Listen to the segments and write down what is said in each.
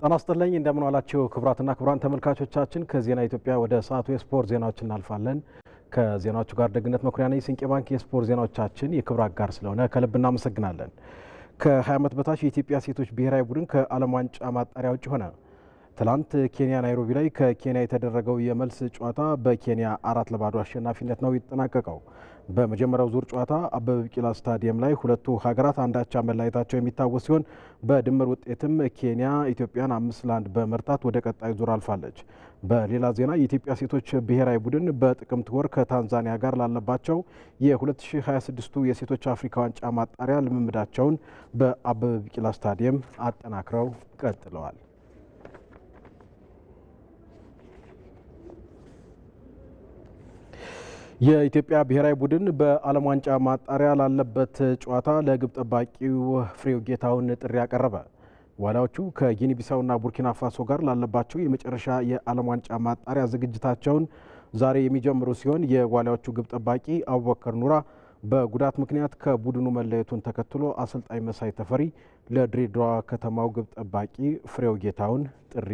ጤና ይስጥልኝ እንደምን ዋላችሁ ክቡራትና ክቡራን ተመልካቾቻችን። ከዜና ኢትዮጵያ ወደ ሰዓቱ የስፖርት ዜናዎች እናልፋለን። ከዜናዎቹ ጋር ደግነት መኩሪያ ነኝ። ስንቄ ባንክ የስፖርት ዜናዎቻችን የክብር አጋር ስለሆነ ከልብ እናመሰግናለን። ከ20 ዓመት በታች የኢትዮጵያ ሴቶች ብሔራዊ ቡድን ከዓለም ዋንጫ ማጣሪያ ውጭ ሆነ። ትላንት ኬንያ ናይሮቢ ላይ ከኬንያ የተደረገው የመልስ ጨዋታ በኬንያ አራት ለባዶ አሸናፊነት ነው ይጠናቀቀው። በመጀመሪያው ዙር ጨዋታ አበበ ቢቂላ ስታዲየም ላይ ሁለቱ ሀገራት አንዳቻ መለያየታቸው የሚታወስ ሲሆን በድምር ውጤትም ኬንያ ኢትዮጵያን አምስት ለአንድ በመርታት ወደ ቀጣይ ዙር አልፋለች። በሌላ ዜና የኢትዮጵያ ሴቶች ብሔራዊ ቡድን በጥቅምት ወር ከታንዛኒያ ጋር ላለባቸው የ2026ቱ የሴቶች አፍሪካ ዋንጫ ማጣሪያ ልምምዳቸውን በአበበ ቢቂላ ስታዲየም አጠናክረው ቀጥለዋል። የኢትዮጵያ ብሔራዊ ቡድን በዓለም ዋንጫ ማጣሪያ ላለበት ጨዋታ ለግብ ጠባቂው ፍሬው ጌታውን ጥሪ አቀረበ። ዋሊያዎቹ ከጊኒቢሳውና ቡርኪና ፋሶ ጋር ላለባቸው የመጨረሻ የዓለም ዋንጫ ማጣሪያ ዝግጅታቸውን ዛሬ የሚጀምሩ ሲሆን የዋሊያዎቹ ግብ ጠባቂ አቡበከር ኑራ በጉዳት ምክንያት ከቡድኑ መለየቱን ተከትሎ አሰልጣኝ መሳይ ተፈሪ ለድሬዳዋ ከተማው ግብ ጠባቂ ፍሬው ጌታውን ጥሪ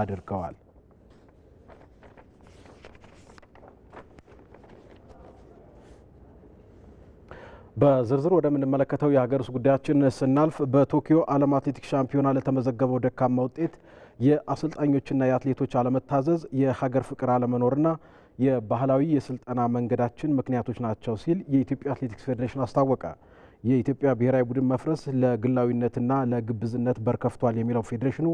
አድርገዋል። በዝርዝር ወደምንመለከተው የሀገር ውስጥ ጉዳያችን ስናልፍ በቶኪዮ ዓለም አትሌቲክስ ሻምፒዮና ለተመዘገበው ደካማ ውጤት የአሰልጣኞችና የአትሌቶች አለመታዘዝ፣ የሀገር ፍቅር አለመኖርና የባህላዊ የስልጠና መንገዳችን ምክንያቶች ናቸው ሲል የኢትዮጵያ አትሌቲክስ ፌዴሬሽን አስታወቀ። የኢትዮጵያ ብሔራዊ ቡድን መፍረስ ለግላዊነትና ለግብዝነት በር ከፍቷል የሚለው ፌዴሬሽኑ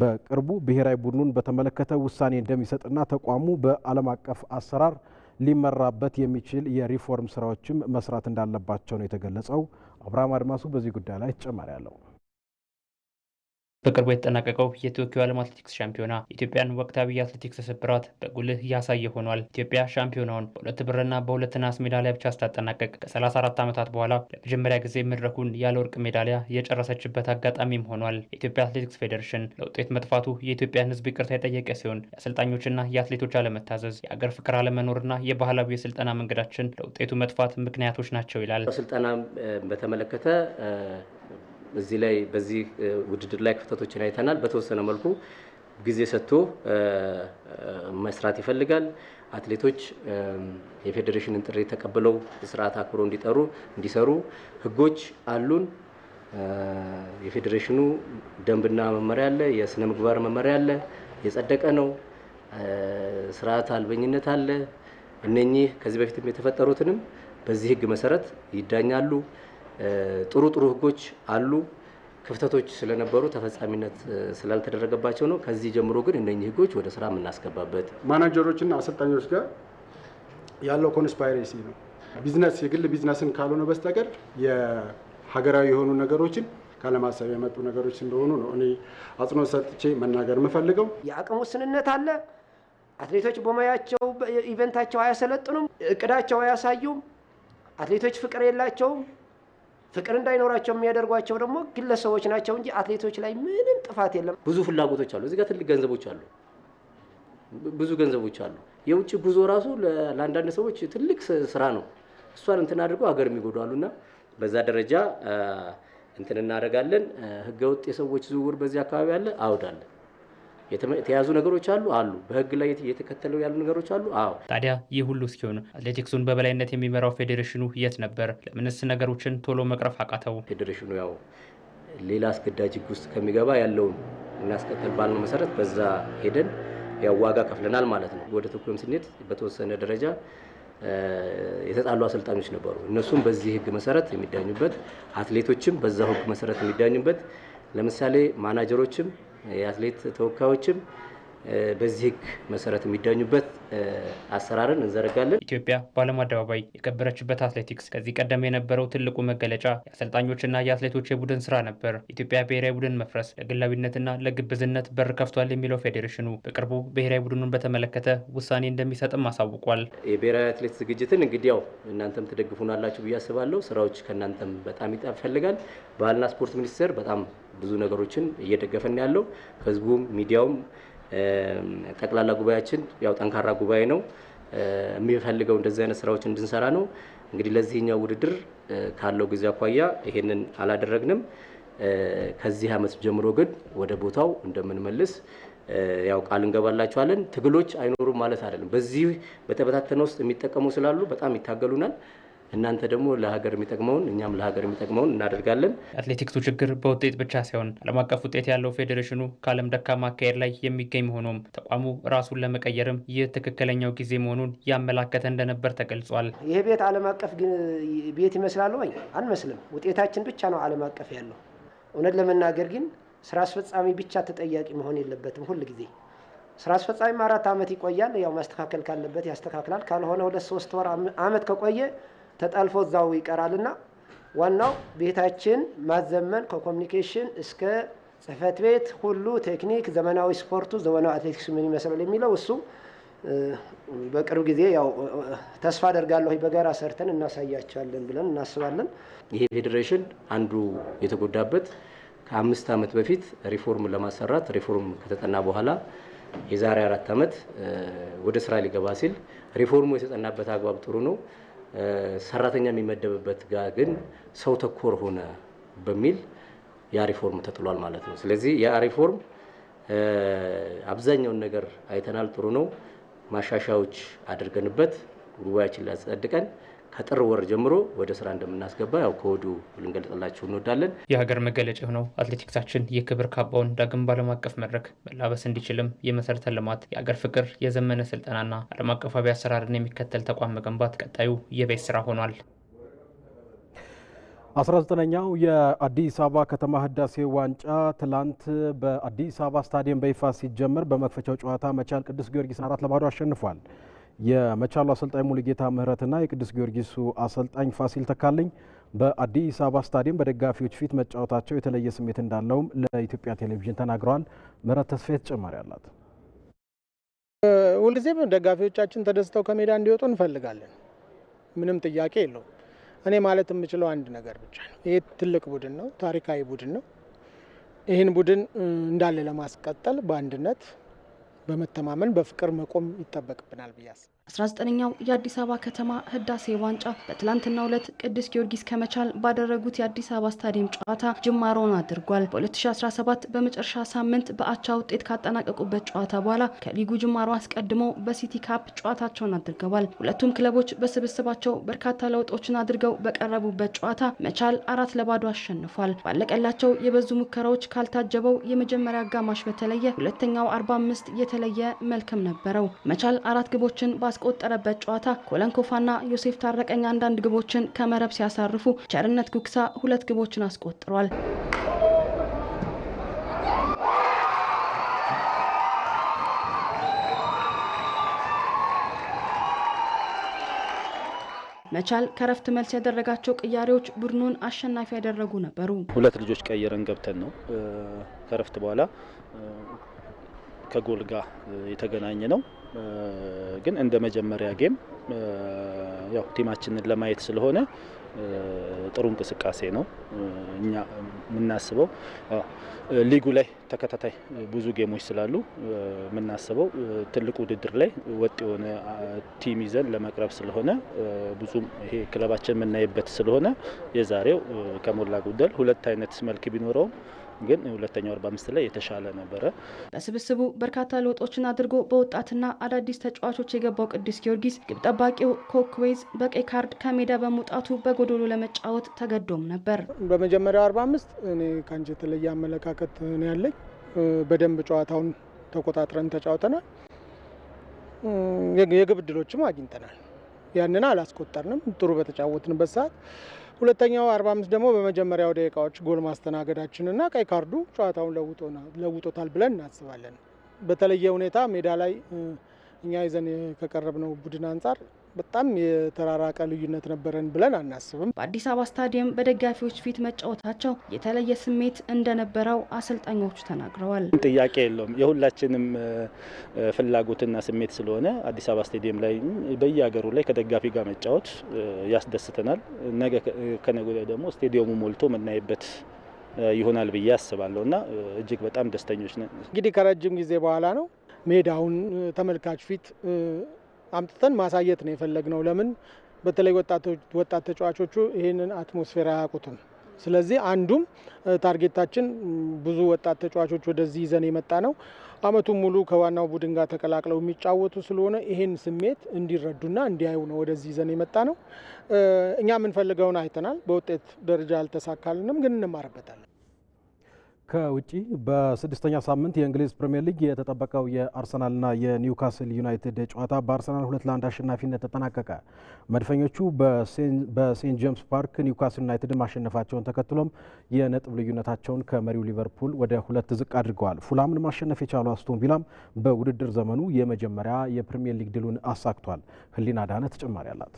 በቅርቡ ብሔራዊ ቡድኑን በተመለከተ ውሳኔ እንደሚሰጥና ተቋሙ በዓለም አቀፍ አሰራር ሊመራበት የሚችል የሪፎርም ስራዎችም መስራት እንዳለባቸው ነው የተገለጸው። አብርሃም አድማሱ በዚህ ጉዳይ ላይ ተጨማሪ አለው። በቅርቡ የተጠናቀቀው የቶኪዮ ዓለም አትሌቲክስ ሻምፒዮና የኢትዮጵያን ወቅታዊ የአትሌቲክስ ስብራት በጉልህ እያሳየ ሆኗል። ኢትዮጵያ ሻምፒዮናውን በሁለት ብርና በሁለት ናስ ሜዳሊያ ብቻ ስታጠናቀቅ ከ34 ዓመታት በኋላ ለመጀመሪያ ጊዜ መድረኩን ያለ ወርቅ ሜዳሊያ የጨረሰችበት አጋጣሚም ሆኗል። የኢትዮጵያ አትሌቲክስ ፌዴሬሽን ለውጤት መጥፋቱ የኢትዮጵያን ሕዝብ ይቅርታ የጠየቀ ሲሆን የአሰልጣኞችና የአትሌቶች አለመታዘዝ፣ የአገር ፍቅር አለመኖርና የባህላዊ የስልጠና መንገዳችን ለውጤቱ መጥፋት ምክንያቶች ናቸው ይላል። ስልጠና በተመለከተ እዚህ ላይ በዚህ ውድድር ላይ ክፍተቶችን አይተናል። በተወሰነ መልኩ ጊዜ ሰጥቶ መስራት ይፈልጋል። አትሌቶች የፌዴሬሽንን ጥሪ ተቀብለው ስርዓት አክብሮ እንዲጠሩ እንዲሰሩ ህጎች አሉን። የፌዴሬሽኑ ደንብና መመሪያ አለ፣ የስነ ምግባር መመሪያ አለ፣ የጸደቀ ነው። ስርዓት አልበኝነት አለ። እነኚህ ከዚህ በፊትም የተፈጠሩትንም በዚህ ህግ መሰረት ይዳኛሉ። ጥሩ ጥሩ ህጎች አሉ። ክፍተቶች ስለነበሩ ተፈጻሚነት ስላልተደረገባቸው ነው። ከዚህ ጀምሮ ግን እነኚህ ህጎች ወደ ስራ የምናስገባበት ማናጀሮችና አሰልጣኞች ጋር ያለው ኮንስፓይሬሲ ነው። ቢዝነስ የግል ቢዝነስን ካልሆነ በስተቀር የሀገራዊ የሆኑ ነገሮችን ካለማሰብ የመጡ ነገሮች እንደሆኑ ነው እኔ አጽንኦት ሰጥቼ መናገር የምፈልገው። የአቅም ውስንነት አለ። አትሌቶች በሙያቸው ኢቨንታቸው አያሰለጥኑም፣ እቅዳቸው አያሳዩም። አትሌቶች ፍቅር የላቸውም። ፍቅር እንዳይኖራቸው የሚያደርጓቸው ደግሞ ግለሰቦች ናቸው እንጂ አትሌቶች ላይ ምንም ጥፋት የለም። ብዙ ፍላጎቶች አሉ። እዚህ ጋር ትልቅ ገንዘቦች አሉ፣ ብዙ ገንዘቦች አሉ። የውጭ ጉዞ ራሱ ለአንዳንድ ሰዎች ትልቅ ስራ ነው። እሷን እንትን አድርገው ሀገር የሚጎዱ እና በዛ ደረጃ እንትን እናደርጋለን። ህገወጥ የሰዎች ዝውውር በዚህ አካባቢ አለ አውዳለን የተያዙ ነገሮች አሉ አሉ። በህግ ላይ እየተከተለው ያሉ ነገሮች አሉ። አዎ። ታዲያ ይህ ሁሉ እስኪሆን አትሌቲክሱን በበላይነት የሚመራው ፌዴሬሽኑ የት ነበር? ለምንስ ነገሮችን ቶሎ መቅረፍ አቃተው? ፌዴሬሽኑ ያው ሌላ አስገዳጅ ህግ ውስጥ ከሚገባ ያለውን እናስቀጥል ባልነው መሰረት በዛ ሄደን ያው ዋጋ ከፍለናል ማለት ነው። ወደ ተኩም ስንሄድ በተወሰነ ደረጃ የተጣሉ አሰልጣኞች ነበሩ። እነሱም በዚህ ህግ መሰረት የሚዳኙበት፣ አትሌቶችም በዛ ህግ መሰረት የሚዳኙበት፣ ለምሳሌ ማናጀሮችም የአትሌት ተወካዮችም በዚህ ህግ መሰረት የሚዳኙበት አሰራርን እንዘረጋለን። ኢትዮጵያ በዓለም አደባባይ የከበረችበት አትሌቲክስ ከዚህ ቀደም የነበረው ትልቁ መገለጫ የአሰልጣኞችና የአትሌቶች የቡድን ስራ ነበር። ኢትዮጵያ ብሔራዊ ቡድን መፍረስ ለግላዊነትና ለግብዝነት በር ከፍቷል የሚለው ፌዴሬሽኑ በቅርቡ ብሔራዊ ቡድኑን በተመለከተ ውሳኔ እንደሚሰጥም አሳውቋል። የብሔራዊ አትሌት ዝግጅትን እንግዲህ ያው እናንተም ትደግፉናላችሁ ብዬ አስባለሁ። ስራዎች ከእናንተም በጣም ይፈልጋል። ባህልና ስፖርት ሚኒስቴር በጣም ብዙ ነገሮችን እየደገፈን ያለው ህዝቡም ሚዲያውም ጠቅላላ ጉባኤያችን ያው ጠንካራ ጉባኤ ነው የሚፈልገው እንደዚህ አይነት ስራዎች እንድንሰራ ነው። እንግዲህ ለዚህኛው ውድድር ካለው ጊዜ አኳያ ይሄንን አላደረግንም። ከዚህ አመት ጀምሮ ግን ወደ ቦታው እንደምንመልስ ያው ቃል እንገባላችኋለን። ትግሎች አይኖሩም ማለት አይደለም። በዚህ በተበታተነ ውስጥ የሚጠቀሙ ስላሉ በጣም ይታገሉናል። እናንተ ደግሞ ለሀገር የሚጠቅመውን እኛም ለሀገር የሚጠቅመውን እናደርጋለን። የአትሌቲክሱ ችግር በውጤት ብቻ ሳይሆን ዓለም አቀፍ ውጤት ያለው ፌዴሬሽኑ ከዓለም ደካማ አካሄድ ላይ የሚገኝ መሆኖም ተቋሙ ራሱን ለመቀየርም ይህ ትክክለኛው ጊዜ መሆኑን ያመላከተ እንደነበር ተገልጿል። ይህ ቤት ዓለም አቀፍ ቤት ይመስላል ወይ? አንመስልም። ውጤታችን ብቻ ነው ዓለም አቀፍ ያለው። እውነት ለመናገር ግን ስራ አስፈጻሚ ብቻ ተጠያቂ መሆን የለበትም ሁል ጊዜ ስራ አስፈጻሚም አራት ዓመት ይቆያል። ያው ማስተካከል ካለበት ያስተካክላል። ካልሆነ ሁለት ሶስት ወር አመት ከቆየ ተጠልፎ እዛው ይቀራልና ዋናው ቤታችን ማዘመን ከኮሚኒኬሽን እስከ ጽህፈት ቤት ሁሉ ቴክኒክ፣ ዘመናዊ ስፖርቱ፣ ዘመናዊ አትሌቲክስ ምን ይመስላል የሚለው እሱ በቅርብ ጊዜ ያው ተስፋ አደርጋለሁ በጋራ ሰርተን እናሳያቸዋለን ብለን እናስባለን። ይሄ ፌዴሬሽን አንዱ የተጎዳበት ከአምስት ዓመት በፊት ሪፎርም ለማሰራት ሪፎርም ከተጠና በኋላ የዛሬ አራት ዓመት ወደ ስራ ሊገባ ሲል ሪፎርሙ የተጠናበት አግባብ ጥሩ ነው። ሰራተኛ የሚመደብበት ጋር ግን ሰው ተኮር ሆነ በሚል ያ ሪፎርም ተጥሏል ማለት ነው። ስለዚህ ያ ሪፎርም አብዛኛውን ነገር አይተናል። ጥሩ ነው። ማሻሻያዎች አድርገንበት ጉባኤያችን ላይ ከጥር ወር ጀምሮ ወደ ስራ እንደምናስገባ ያው ከወዱ ልንገልጽላችሁ እንወዳለን። የሀገር መገለጫ የሆነው አትሌቲክሳችን የክብር ካባውን ዳግም ባለም አቀፍ መድረክ መላበስ እንዲችልም የመሰረተ ልማት፣ የአገር ፍቅር፣ የዘመነ ስልጠናና ዓለም አቀፋዊ አሰራርን የሚከተል ተቋም መገንባት ቀጣዩ የቤት ስራ ሆኗል። 19ኛው የአዲስ አበባ ከተማ ህዳሴ ዋንጫ ትላንት በአዲስ አበባ ስታዲየም በይፋ ሲጀምር በመክፈቻው ጨዋታ መቻል ቅዱስ ጊዮርጊስ አራት ለባዶ አሸንፏል። የመቻሉ አሰልጣኝ ሙሉጌታ ምህረትና የቅዱስ ጊዮርጊሱ አሰልጣኝ ፋሲል ተካልኝ በአዲስ አበባ ስታዲየም በደጋፊዎች ፊት መጫወታቸው የተለየ ስሜት እንዳለውም ለኢትዮጵያ ቴሌቪዥን ተናግረዋል። ምህረት ተስፋ ተጨማሪ አላት። ሁልጊዜም ደጋፊዎቻችን ተደስተው ከሜዳ እንዲወጡ እንፈልጋለን። ምንም ጥያቄ የለውም። እኔ ማለት የምችለው አንድ ነገር ብቻ ነው። ይህ ትልቅ ቡድን ነው። ታሪካዊ ቡድን ነው። ይህን ቡድን እንዳለ ለማስቀጠል በአንድነት በመተማመን በፍቅር መቆም ይጠበቅብናል ብያስ 19ኛው የአዲስ አበባ ከተማ ህዳሴ ዋንጫ በትላንትናው ዕለት ቅዱስ ጊዮርጊስ ከመቻል ባደረጉት የአዲስ አበባ ስታዲየም ጨዋታ ጅማሮን አድርጓል። በ2017 በመጨረሻ ሳምንት በአቻ ውጤት ካጠናቀቁበት ጨዋታ በኋላ ከሊጉ ጅማሮ አስቀድሞ በሲቲ ካፕ ጨዋታቸውን አድርገዋል። ሁለቱም ክለቦች በስብስባቸው በርካታ ለውጦችን አድርገው በቀረቡበት ጨዋታ መቻል አራት ለባዶ አሸንፏል። ባለቀላቸው የበዙ ሙከራዎች ካልታጀበው የመጀመሪያ አጋማሽ በተለየ ሁለተኛው 45 የተለየ መልክም ነበረው። መቻል አራት ግቦችን በ ያስቆጠረበት ጨዋታ ኮለንኮፋና ዮሴፍ ታረቀኝ አንዳንድ ግቦችን ከመረብ ሲያሳርፉ ቸርነት ኩክሳ ሁለት ግቦችን አስቆጥሯል። መቻል ከረፍት መልስ ያደረጋቸው ቅያሬዎች ቡድኑን አሸናፊ ያደረጉ ነበሩ። ሁለት ልጆች ቀይረን ገብተን ነው ከረፍት በኋላ ከጎል ጋር የተገናኘ ነው። ግን እንደ መጀመሪያ ጌም ያው ቲማችንን ለማየት ስለሆነ ጥሩ እንቅስቃሴ ነው። እኛ የምናስበው ሊጉ ላይ ተከታታይ ብዙ ጌሞች ስላሉ የምናስበው ትልቅ ውድድር ላይ ወጥ የሆነ ቲም ይዘን ለመቅረብ ስለሆነ ብዙም ይሄ ክለባችን የምናይበት ስለሆነ የዛሬው ከሞላ ጎደል ሁለት አይነት መልክ ቢኖረውም ግን ሁለተኛው 45 ላይ የተሻለ ነበረ። በስብስቡ በርካታ ለውጦችን አድርጎ በወጣትና አዳዲስ ተጫዋቾች የገባው ቅዱስ ጊዮርጊስ ግብ ጠባቂው ኮክዌዝ በቀይ ካርድ ከሜዳ በመውጣቱ በጎዶሎ ለመጫወት ተገዶም ነበር። በመጀመሪያው አምስት እኔ ከአንቺ የተለየ አመለካከት ነው ያለኝ። በደንብ ጨዋታውን ተቆጣጥረን ተጫውተናል። የግብ ዕድሎችም አግኝተናል። ያንን አላስቆጠርንም። ጥሩ በተጫወትንበት ሰዓት ሁለተኛው 45 ደግሞ በመጀመሪያው ደቂቃዎች ጎል ማስተናገዳችንና ቀይ ካርዱ ጨዋታውን ለውጦታል ብለን እናስባለን። በተለየ ሁኔታ ሜዳ ላይ እኛ ይዘን ከቀረብነው ቡድን አንጻር በጣም የተራራቀ ልዩነት ነበረን ብለን አናስብም። በአዲስ አበባ ስታዲየም በደጋፊዎች ፊት መጫወታቸው የተለየ ስሜት እንደነበረው አሰልጣኞቹ ተናግረዋል። ጥያቄ የለውም። የሁላችንም ፍላጎትና ስሜት ስለሆነ አዲስ አበባ ስታዲየም ላይ በየሀገሩ ላይ ከደጋፊ ጋር መጫወት ያስደስተናል። ነገ ከነገ ወዲያ ደግሞ ስታዲየሙ ሞልቶ የምናይበት ይሆናል ብዬ አስባለሁ እና እጅግ በጣም ደስተኞች ነን። እንግዲህ ከረጅም ጊዜ በኋላ ነው ሜዳውን ተመልካች ፊት አምጥተን ማሳየት ነው የፈለግነው። ለምን በተለይ ወጣት ተጫዋቾቹ ይህንን አትሞስፌር አያውቁትም። ስለዚህ አንዱም ታርጌታችን ብዙ ወጣት ተጫዋቾች ወደዚህ ይዘን የመጣ ነው። አመቱን ሙሉ ከዋናው ቡድን ጋር ተቀላቅለው የሚጫወቱ ስለሆነ ይህን ስሜት እንዲረዱና እንዲያዩ ነው ወደዚህ ይዘን የመጣ ነው። እኛ የምንፈልገውን አይተናል። በውጤት ደረጃ አልተሳካልንም፣ ግን እንማርበታለን። ከውጪ በስድስተኛ ሳምንት የእንግሊዝ ፕሪምየር ሊግ የተጠበቀው የአርሰናልና የኒውካስል ዩናይትድ ጨዋታ በአርሰናል ሁለት ለአንድ አሸናፊነት ተጠናቀቀ። መድፈኞቹ በሴንት ጄምስ ፓርክ ኒውካስል ዩናይትድ ማሸነፋቸውን ተከትሎም የነጥብ ልዩነታቸውን ከመሪው ሊቨርፑል ወደ ሁለት ዝቅ አድርገዋል። ፉላምን ማሸነፍ የቻሉ አስቶን ቪላም በውድድር ዘመኑ የመጀመሪያ የፕሪምየር ሊግ ድሉን አሳክቷል። ህሊና ዳነ ተጨማሪ አላት።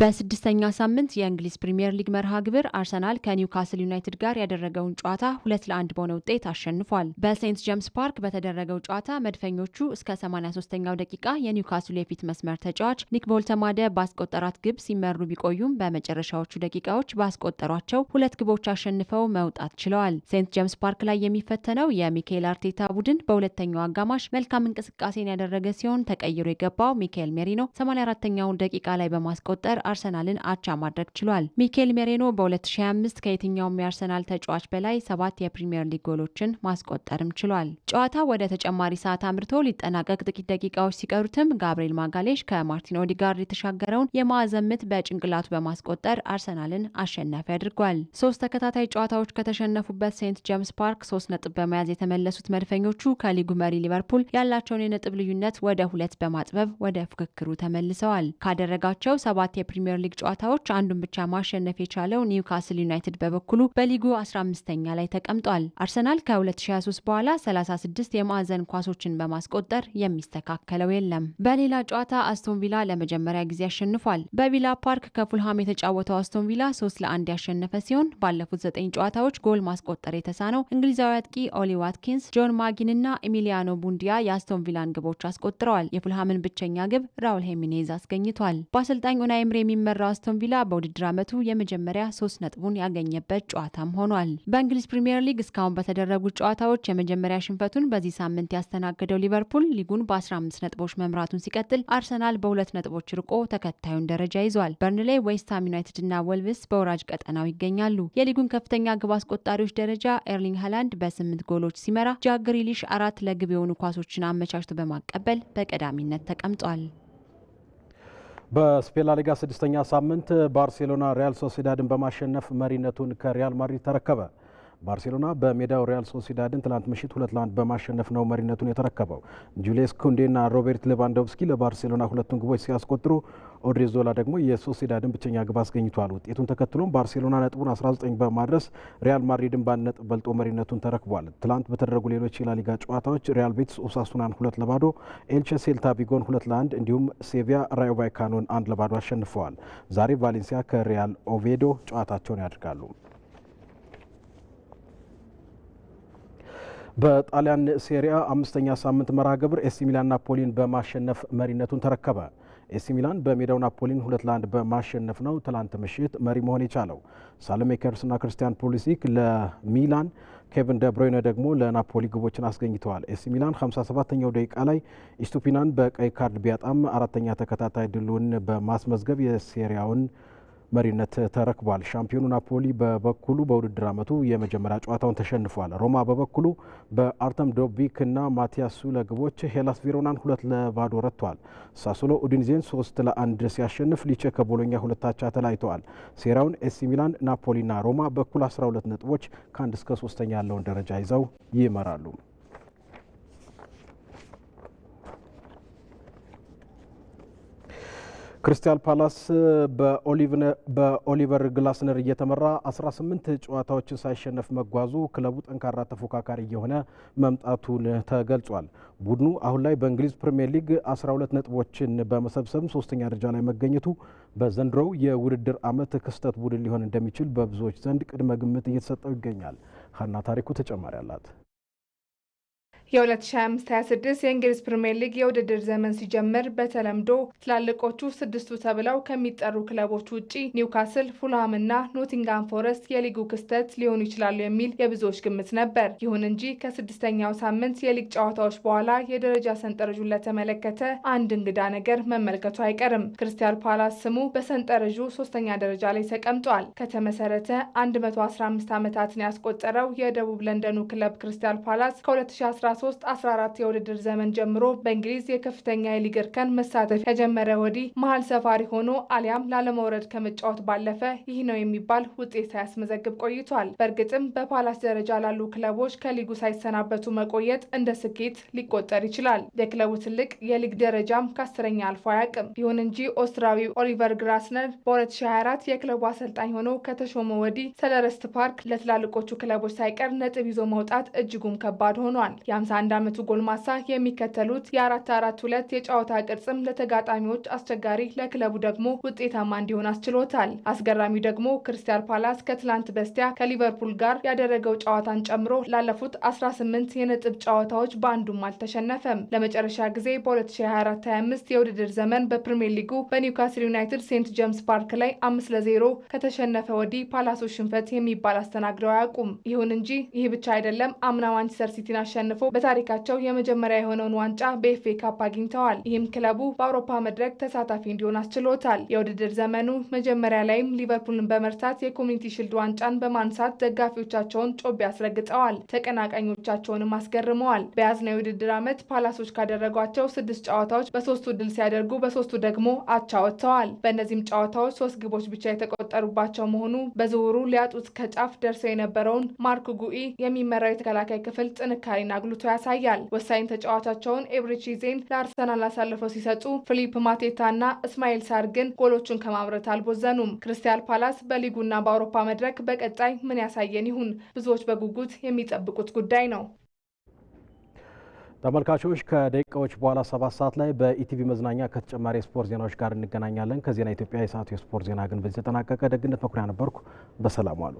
በስድስተኛ ሳምንት የእንግሊዝ ፕሪምየር ሊግ መርሃ ግብር አርሰናል ከኒውካስል ዩናይትድ ጋር ያደረገውን ጨዋታ ሁለት ለአንድ በሆነ ውጤት አሸንፏል። በሴንት ጀምስ ፓርክ በተደረገው ጨዋታ መድፈኞቹ እስከ 83ኛው ደቂቃ የኒውካስሉ የፊት መስመር ተጫዋች ኒክ ቦልተማደ ባስቆጠራት ግብ ሲመሩ ቢቆዩም በመጨረሻዎቹ ደቂቃዎች ባስቆጠሯቸው ሁለት ግቦች አሸንፈው መውጣት ችለዋል። ሴንት ጀምስ ፓርክ ላይ የሚፈተነው የሚካኤል አርቴታ ቡድን በሁለተኛው አጋማሽ መልካም እንቅስቃሴን ያደረገ ሲሆን ተቀይሮ የገባው ሚካኤል ሜሪኖ 84ኛውን ደቂቃ ላይ በማስቆጠር አርሰናልን አቻ ማድረግ ችሏል። ሚኬል ሜሬኖ በ2025 ከየትኛውም የአርሰናል ተጫዋች በላይ ሰባት የፕሪምየር ሊግ ጎሎችን ማስቆጠርም ችሏል። ጨዋታ ወደ ተጨማሪ ሰዓት አምርቶ ሊጠናቀቅ ጥቂት ደቂቃዎች ሲቀሩትም ጋብርኤል ማጋሌሽ ከማርቲን ኦዲጋርድ የተሻገረውን የማዕዘን ምት በጭንቅላቱ በማስቆጠር አርሰናልን አሸናፊ አድርጓል። ሶስት ተከታታይ ጨዋታዎች ከተሸነፉበት ሴንት ጄምስ ፓርክ ሶስት ነጥብ በመያዝ የተመለሱት መድፈኞቹ ከሊጉ መሪ ሊቨርፑል ያላቸውን የነጥብ ልዩነት ወደ ሁለት በማጥበብ ወደ ፍክክሩ ተመልሰዋል። ካደረጋቸው ሰባት የፕሪምየር ሊግ ጨዋታዎች አንዱን ብቻ ማሸነፍ የቻለው ኒውካስል ዩናይትድ በበኩሉ በሊጉ 15ኛ ላይ ተቀምጧል። አርሰናል ከ2023 በኋላ 36 የማዕዘን ኳሶችን በማስቆጠር የሚስተካከለው የለም። በሌላ ጨዋታ አስቶን ቪላ ለመጀመሪያ ጊዜ አሸንፏል። በቪላ ፓርክ ከፉልሃም የተጫወተው አስቶን ቪላ 3 ለ1 ያሸነፈ ሲሆን ባለፉት 9 ጨዋታዎች ጎል ማስቆጠር የተሳነው እንግሊዛዊ አጥቂ ኦሊ ዋትኪንስ፣ ጆን ማጊን እና ኤሚሊያኖ ቡንዲያ የአስቶን ቪላን ግቦች አስቆጥረዋል። የፉልሃምን ብቸኛ ግብ ራውል ሄሚኔዝ አስገኝቷል። በአሰልጣኝ ኡናይ የሚመራው አስቶን ቪላ በውድድር ዓመቱ የመጀመሪያ ሶስት ነጥቡን ያገኘበት ጨዋታም ሆኗል። በእንግሊዝ ፕሪምየር ሊግ እስካሁን በተደረጉ ጨዋታዎች የመጀመሪያ ሽንፈቱን በዚህ ሳምንት ያስተናገደው ሊቨርፑል ሊጉን በ15 ነጥቦች መምራቱን ሲቀጥል፣ አርሰናል በሁለት ነጥቦች ርቆ ተከታዩን ደረጃ ይዟል። በርንሌ፣ ዌስትሃም ዩናይትድ እና ወልቭስ በወራጅ ቀጠናው ይገኛሉ። የሊጉን ከፍተኛ ግብ አስቆጣሪዎች ደረጃ ኤርሊንግ ሃላንድ በስምንት ጎሎች ሲመራ፣ ጃግሪሊሽ አራት ለግብ የሆኑ ኳሶችን አመቻችቶ በማቀበል በቀዳሚነት ተቀምጧል። በስፔን ላሊጋ ስድስተኛ ሳምንት ባርሴሎና ሪያል ሶሲዳድን በማሸነፍ መሪነቱን ከሪያል ማድሪድ ተረከበ። ባርሴሎና በሜዳው ሪያል ሶሲዳድን ትላንት ምሽት ሁለት ለአንድ በማሸነፍ ነው መሪነቱን የተረከበው። ጁልስ ኩንዴና ሮቤርት ሌቫንዶቭስኪ ለባርሴሎና ሁለቱን ግቦች ሲያስቆጥሩ ኦድሪዞላ ደግሞ የሶሲዳድን ብቸኛ ግብ አስገኝቷል። ውጤቱን ተከትሎም ባርሴሎና ነጥቡን 19 በማድረስ ሪያል ማድሪድን በአንድ ነጥብ በልጦ መሪነቱን ተረክቧል። ትላንት በተደረጉ ሌሎች የላሊጋ ጨዋታዎች ሪያል ቤትስ ኦሳሱናን ሁለት ለባዶ፣ ኤልቼ ሴልታ ቪጎን ሁለት ለአንድ እንዲሁም ሴቪያ ራዮ ቫይካኖን አንድ ለባዶ አሸንፈዋል። ዛሬ ቫሌንሲያ ከሪያል ኦቬዶ ጨዋታቸውን ያደርጋሉ። በጣሊያን ሴሪያ አምስተኛ ሳምንት መርሃ ግብር ኤሲ ሚላን ናፖሊን በማሸነፍ መሪነቱን ተረከበ። ኤሲ ሚላን በሜዳው ናፖሊን ሁለት ለአንድ በማሸነፍ ነው ትላንት ምሽት መሪ መሆን የቻለው። ሳለሜከርስና ክርስቲያን ፖሊሲክ ለሚላን፣ ኬቪን ደብሮይነ ደግሞ ለናፖሊ ግቦችን አስገኝተዋል። ኤሲ ሚላን 57ኛው ደቂቃ ላይ ኢስቱፒናን በቀይ ካርድ ቢያጣም አራተኛ ተከታታይ ድሉን በማስመዝገብ የሴሪያውን መሪነት ተረክቧል። ሻምፒዮኑ ናፖሊ በበኩሉ በውድድር ዓመቱ የመጀመሪያ ጨዋታውን ተሸንፏል። ሮማ በበኩሉ በአርተም ዶቢክ እና ማቲያስ ሱለ ግቦች ሄላስ ቬሮናን ሁለት ለባዶ ረቷል። ሳሶሎ ኡዲንዜን ሶስት ለአንድ ሲያሸንፍ ሊቼ ከቦሎኛ ሁለታቻ ተለያይተዋል። ሴራውን ኤሲ ሚላን፣ ናፖሊ ና ሮማ በኩል 12 ነጥቦች ከአንድ እስከ ሶስተኛ ያለውን ደረጃ ይዘው ይመራሉ። ክሪስታል ፓላስ በኦሊቨር ግላስነር እየተመራ 18 ጨዋታዎችን ሳይሸነፍ መጓዙ ክለቡ ጠንካራ ተፎካካሪ እየሆነ መምጣቱን ተገልጿል። ቡድኑ አሁን ላይ በእንግሊዝ ፕሪምየር ሊግ 12 ነጥቦችን በመሰብሰብ ሶስተኛ ደረጃ ላይ መገኘቱ በዘንድሮው የውድድር ዓመት ክስተት ቡድን ሊሆን እንደሚችል በብዙዎች ዘንድ ቅድመ ግምት እየተሰጠው ይገኛል። ሀና ታሪኩ ተጨማሪ አላት። የ2025/26 የእንግሊዝ ፕሪምየር ሊግ የውድድር ዘመን ሲጀምር በተለምዶ ትላልቆቹ ስድስቱ ተብለው ከሚጠሩ ክለቦች ውጪ ኒውካስል፣ ፉልሃም እና ኖቲንጋም ፎረስት የሊጉ ክስተት ሊሆኑ ይችላሉ የሚል የብዙዎች ግምት ነበር። ይሁን እንጂ ከስድስተኛው ሳምንት የሊግ ጨዋታዎች በኋላ የደረጃ ሰንጠረዡን ለተመለከተ አንድ እንግዳ ነገር መመልከቱ አይቀርም። ክሪስታል ፓላስ ስሙ በሰንጠረዡ ሶስተኛ ደረጃ ላይ ተቀምጧል። ከተመሰረተ 115 ዓመታትን ያስቆጠረው የደቡብ ለንደኑ ክለብ ክሪስታል ፓላስ ከ2013 2013 14 የውድድር ዘመን ጀምሮ በእንግሊዝ የከፍተኛ የሊግ እርከን መሳተፍ ከጀመረ ወዲህ መሀል ሰፋሪ ሆኖ አሊያም ላለመውረድ ከመጫወት ባለፈ ይህ ነው የሚባል ውጤት ሳያስመዘግብ ቆይቷል። በእርግጥም በፓላስ ደረጃ ላሉ ክለቦች ከሊጉ ሳይሰናበቱ መቆየት እንደ ስኬት ሊቆጠር ይችላል። የክለቡ ትልቅ የሊግ ደረጃም ከአስረኛ አልፎ አያውቅም። ይሁን እንጂ ኦስትራዊው ኦሊቨር ግራስነር በ2024 የክለቡ አሰልጣኝ ሆኖ ከተሾመ ወዲህ ሰለረስት ፓርክ ለትላልቆቹ ክለቦች ሳይቀር ነጥብ ይዞ መውጣት እጅጉም ከባድ ሆኗል። የ51 ዓመቱ ጎልማሳ የሚከተሉት የአራት አራት ሁለት የጨዋታ ቅርጽም ለተጋጣሚዎች አስቸጋሪ ለክለቡ ደግሞ ውጤታማ እንዲሆን አስችሎታል። አስገራሚው ደግሞ ክሪስታል ፓላስ ከትላንት በስቲያ ከሊቨርፑል ጋር ያደረገው ጨዋታን ጨምሮ ላለፉት 18 የነጥብ ጨዋታዎች በአንዱም አልተሸነፈም። ለመጨረሻ ጊዜ በ2024/25 የውድድር ዘመን በፕሪምየር ሊጉ በኒውካስል ዩናይትድ ሴንት ጄምስ ፓርክ ላይ አምስት ለዜሮ ከተሸነፈ ወዲህ ፓላሶች ሽንፈት የሚባል አስተናግደው አያውቁም። ይሁን እንጂ ይህ ብቻ አይደለም። አምና ማንቸስተር ሲቲን አሸንፎ በታሪካቸው የመጀመሪያ የሆነውን ዋንጫ በኤፌ ካፕ አግኝተዋል። ይህም ክለቡ በአውሮፓ መድረክ ተሳታፊ እንዲሆን አስችሎታል። የውድድር ዘመኑ መጀመሪያ ላይም ሊቨርፑልን በመርታት የኮሚኒቲ ሽልድ ዋንጫን በማንሳት ደጋፊዎቻቸውን ጮቤ አስረግጠዋል፣ ተቀናቃኞቻቸውንም አስገርመዋል። በያዝነው የውድድር ዓመት ፓላሶች ካደረጓቸው ስድስት ጨዋታዎች በሶስቱ ድል ሲያደርጉ በሶስቱ ደግሞ አቻ ወጥተዋል። በእነዚህም ጨዋታዎች ሶስት ግቦች ብቻ የተቆጠሩባቸው መሆኑ በዝውውሩ ሊያጡት ከጫፍ ደርሰው የነበረውን ማርክ ጉኢ የሚመራው የተከላካይ ክፍል ጥንካሬን አጉልቶ ያሳያል። ወሳኝ ተጫዋቻቸውን ዜን ለአርሰናል አሳልፈው ሲሰጡ ፊሊፕ ማቴታ ና እስማኤል ሳር ግን ጎሎቹን ከማምረት አልቦዘኑም። ክሪስታል ፓላስ በሊጉና በአውሮፓ መድረክ በቀጣይ ምን ያሳየን ይሁን ብዙዎች በጉጉት የሚጠብቁት ጉዳይ ነው። ተመልካቾች ከደቂቃዎች በኋላ ሰባት ሰዓት ላይ በኢቲቪ መዝናኛ ከተጨማሪ የስፖርት ዜናዎች ጋር እንገናኛለን። ከዜና ኢትዮጵያ የሰዓቱ የስፖርት ዜና ግን በዚህ ተጠናቀቀ። ደግነት መኩሪያ ነበርኩ። በሰላም ዋሉ።